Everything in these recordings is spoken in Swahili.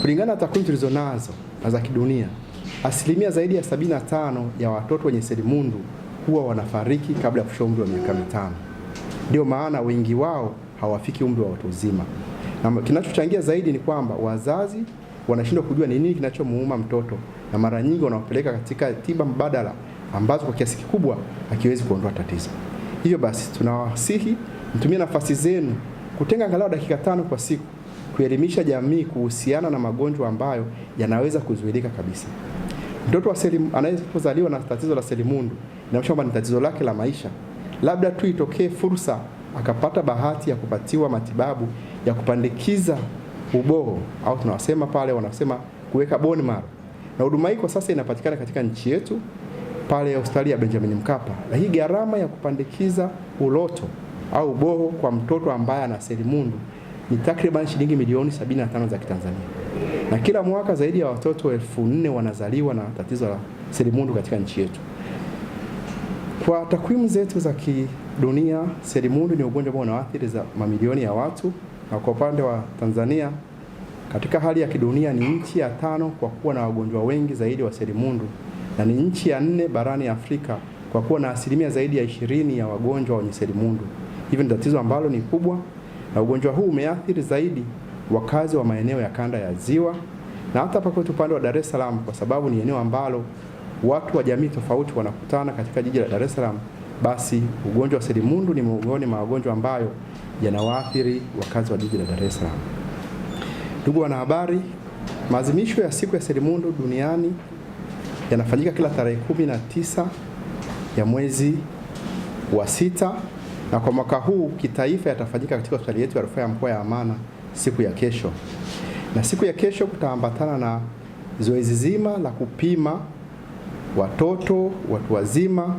Kulingana na takwimu tulizonazo na za kidunia, asilimia zaidi ya 75 ya watoto wenye selimundu huwa wanafariki kabla ya kufikia umri wa miaka mitano. Ndio maana wengi wao hawafiki umri wa watu uzima, na kinachochangia zaidi ni kwamba wazazi wanashindwa kujua ni nini kinachomuuma mtoto, na mara nyingi wanawapeleka katika tiba mbadala ambazo kwa kiasi kikubwa hakiwezi kuondoa tatizo. Hivyo basi tunawasihi mtumie nafasi zenu kutenga angalau dakika tano kwa siku kuelimisha jamii kuhusiana na magonjwa ambayo yanaweza kuzuilika kabisa. Mtoto anayezaliwa na tatizo la selimundu inaonyesha kwamba ni tatizo lake la maisha, labda tu itokee fursa akapata bahati ya kupatiwa matibabu ya kupandikiza uboo au tunawasema pale wanasema kuweka bone marrow, na huduma hii kwa sasa inapatikana katika nchi yetu pale hospitali ya Benjamin Mkapa, na hii gharama ya kupandikiza uloto au uboo kwa mtoto ambaye ana selimundu ni takriban shilingi milioni 75 za Kitanzania, na kila mwaka zaidi ya watoto elfu nne wanazaliwa na tatizo la selimundu katika nchi yetu. Kwa takwimu zetu za kidunia, selimundu ni ugonjwa ambao unaathiri za mamilioni ya watu, na kwa upande wa Tanzania katika hali ya kidunia ni nchi ya tano kwa kuwa na wagonjwa wengi zaidi wa selimundu na ni nchi ya nne barani Afrika kwa kuwa na asilimia zaidi ya ishirini ya wagonjwa wenye selimundu. Hivyo ni tatizo ambalo ni kubwa na ugonjwa huu umeathiri zaidi wakazi wa maeneo ya kanda ya Ziwa na hata hapa kwetu upande wa Dar es Salaam, kwa sababu ni eneo ambalo watu wa jamii tofauti wanakutana katika jiji la Dar es Salaam. Basi ugonjwa wa selimundu ni miongoni mwa magonjwa ambayo yanawaathiri wakazi wa jiji la Dar es Salaam. Ndugu wanahabari, maadhimisho ya siku ya selimundu duniani yanafanyika kila tarehe kumi na tisa ya mwezi wa sita na kwa mwaka huu kitaifa yatafanyika katika hospitali yetu ya rufaa ya mkoa ya Amana siku ya kesho, na siku ya kesho kutaambatana na zoezi zima la kupima watoto, watu wazima,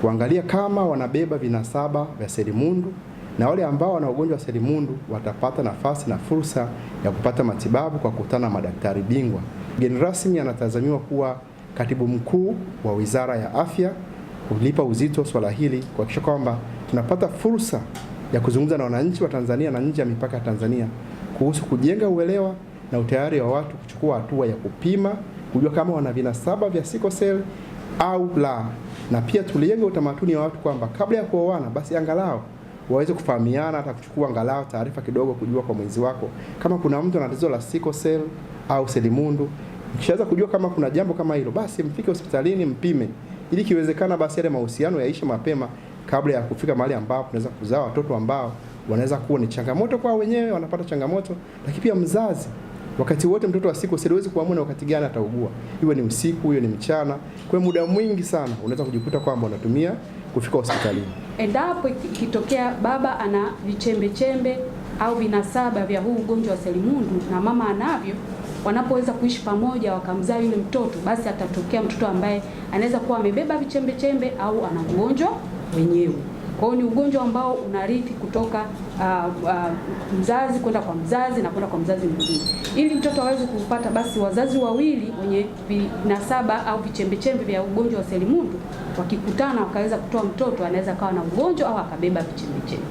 kuangalia kama wanabeba vinasaba vya selimundu na wale ambao wana ugonjwa wa selimundu watapata nafasi na fursa ya kupata matibabu kwa kukutana na madaktari bingwa. Mgeni rasmi anatazamiwa kuwa katibu mkuu wa Wizara ya Afya kulipa uzito swala hili, kuhakikisha kwamba tunapata fursa ya kuzungumza na wananchi wa Tanzania na nje ya mipaka ya Tanzania kuhusu kujenga uelewa na utayari wa watu kuchukua hatua ya kupima, kujua kama wana vinasaba vya sickle cell au la, na pia tulijenga utamaduni wa watu kwamba kabla ya kuoana basi angalau waweze kufahamiana, hata kuchukua angalau taarifa kidogo, kujua kwa mwenzi wako kama kuna mtu ana tatizo la sickle cell au selimundu. Ukishaweza kujua kama kuna jambo kama hilo, basi mfike hospitalini mpime ili kiwezekana basi yale mahusiano yaishe mapema kabla ya kufika mahali ambapo unaweza kuzaa watoto ambao wanaweza kuwa ni changamoto kwa wenyewe, wanapata changamoto, lakini pia mzazi wakati wote mtoto wa siku siwezi kuamua wakati gani ataugua, iwe ni usiku, iwe ni mchana. Kwa muda mwingi sana unaweza kujikuta kwamba unatumia kufika hospitalini. Endapo ikitokea baba ana vichembe chembe au vinasaba vya huu ugonjwa wa selimundu na mama anavyo wanapoweza kuishi pamoja wakamzaa yule mtoto, basi atatokea mtoto ambaye anaweza kuwa amebeba vichembechembe au ana ugonjwa wenyewe. Kwa hiyo ni ugonjwa ambao unarithi kutoka uh, uh, mzazi kwenda kwa mzazi na kwenda kwa mzazi mwingine. Ili mtoto aweze kupata, basi wazazi wawili wenye vinasaba au vichembechembe vya ugonjwa wa selimundu wakikutana wakaweza kutoa mtoto, anaweza kawa na ugonjwa au akabeba vichembechembe.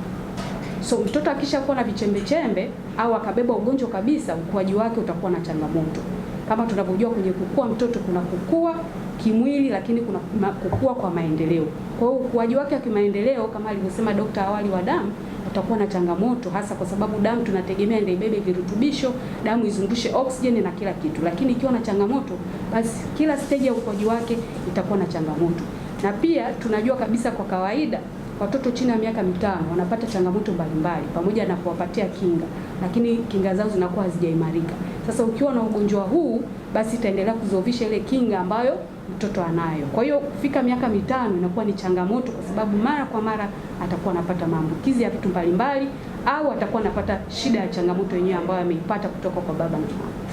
So mtoto akisha kuwa na vichembechembe au akabeba ugonjwa kabisa, ukuaji wake utakuwa na changamoto. Kama tunavyojua kwenye kukua mtoto kuna kukua kimwili, lakini kuna kukua kwa maendeleo. Kwa hiyo ukuaji wake wa kimaendeleo kama alivyosema Dokta awali wa damu utakuwa na changamoto, hasa kwa sababu damu tunategemea ndio ibebe virutubisho, damu izungushe oksijeni na kila kitu, lakini ikiwa na changamoto, basi kila stage ya ukuaji wake itakuwa na changamoto. Na pia tunajua kabisa kwa kawaida watoto chini ya miaka mitano wanapata changamoto mbalimbali pamoja na kuwapatia kinga, lakini kinga zao zinakuwa hazijaimarika. Sasa ukiwa na ugonjwa huu, basi itaendelea kuzofisha ile kinga ambayo mtoto anayo. Kwa hiyo kufika miaka mitano inakuwa ni changamoto, kwa sababu mara kwa mara atakuwa anapata maambukizi ya vitu mbalimbali, au atakuwa anapata shida ya changamoto yenyewe ambayo ameipata kutoka kwa baba na mama.